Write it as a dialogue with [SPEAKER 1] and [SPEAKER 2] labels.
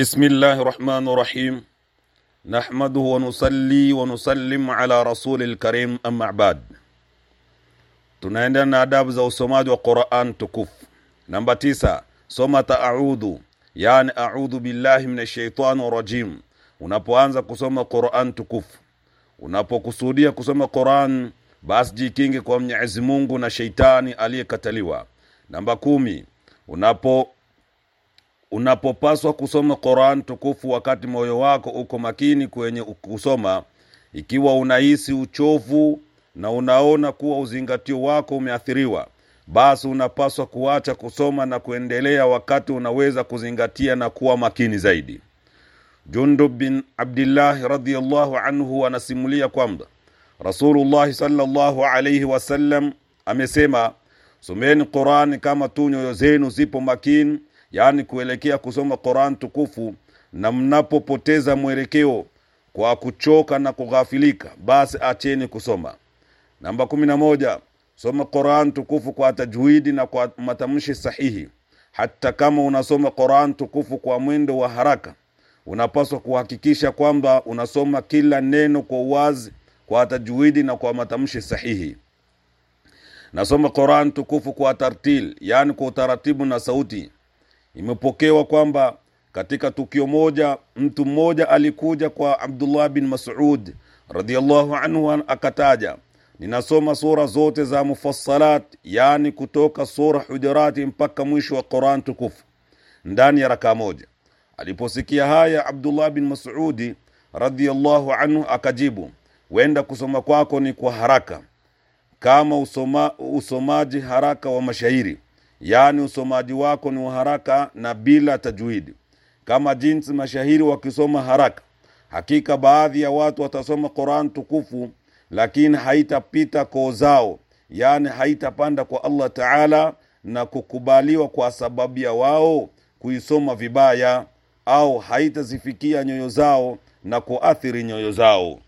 [SPEAKER 1] بسم الله الرحمن الرحيم نحمده ونصلي ونسلم على رسول الكريم أما بعد tunaenda na adabu za usomaji wa Qur'an tukufu namba tisa soma ta'udhu yani a'udhu billahi minash shaitani rajim unapoanza kusoma Qur'an tukufu unapokusudia kusoma Qur'an basi jikinge kwa Mwenyezi Mungu na sheitani aliyekataliwa namba kumi unapo unapopaswa kusoma Quran tukufu wakati moyo wako uko makini kwenye kusoma, ikiwa unahisi uchovu na unaona kuwa uzingatio wako umeathiriwa, basi unapaswa kuacha kusoma na kuendelea wakati unaweza kuzingatia na kuwa makini zaidi. Jundub bin Abdillahi radhiallahu anhu anasimulia kwamba Rasulullahi sallallahu alaihi wasallam amesema, someni Qurani kama tu nyoyo zenu zipo makini yaani kuelekea kusoma Quran tukufu, na mnapopoteza mwelekeo kwa kuchoka na kughafilika, basi acheni kusoma. Namba kumi na moja, soma Quran tukufu kwa tajwidi na kwa matamshi sahihi. Hata kama unasoma Quran tukufu kwa mwendo wa haraka, unapaswa kuhakikisha kwamba unasoma kila neno kwa uwazi, kwa tajwidi na kwa matamshi sahihi. Nasoma Quran tukufu kwa tartil, yaani kwa utaratibu na sauti Imepokewa kwamba katika tukio moja mtu mmoja alikuja kwa Abdullah bin Mas'ud radhiallahu anhu akataja, ninasoma sura zote za mufassalat, yani kutoka sura Hujurati mpaka mwisho wa Quran tukufu ndani ya rakaa moja. Aliposikia haya Abdullah bin Mas'udi radhiallahu anhu akajibu, wenda kusoma kwako ni kwa haraka kama usoma, usomaji haraka wa mashairi yaani usomaji wako ni wa haraka na bila tajwidi, kama jinsi mashahiri wakisoma haraka. Hakika baadhi ya watu watasoma Quran tukufu, lakini haitapita koo zao, yaani haitapanda kwa Allah Taala na kukubaliwa kwa sababu ya wao kuisoma vibaya, au haitazifikia nyoyo zao na kuathiri nyoyo zao.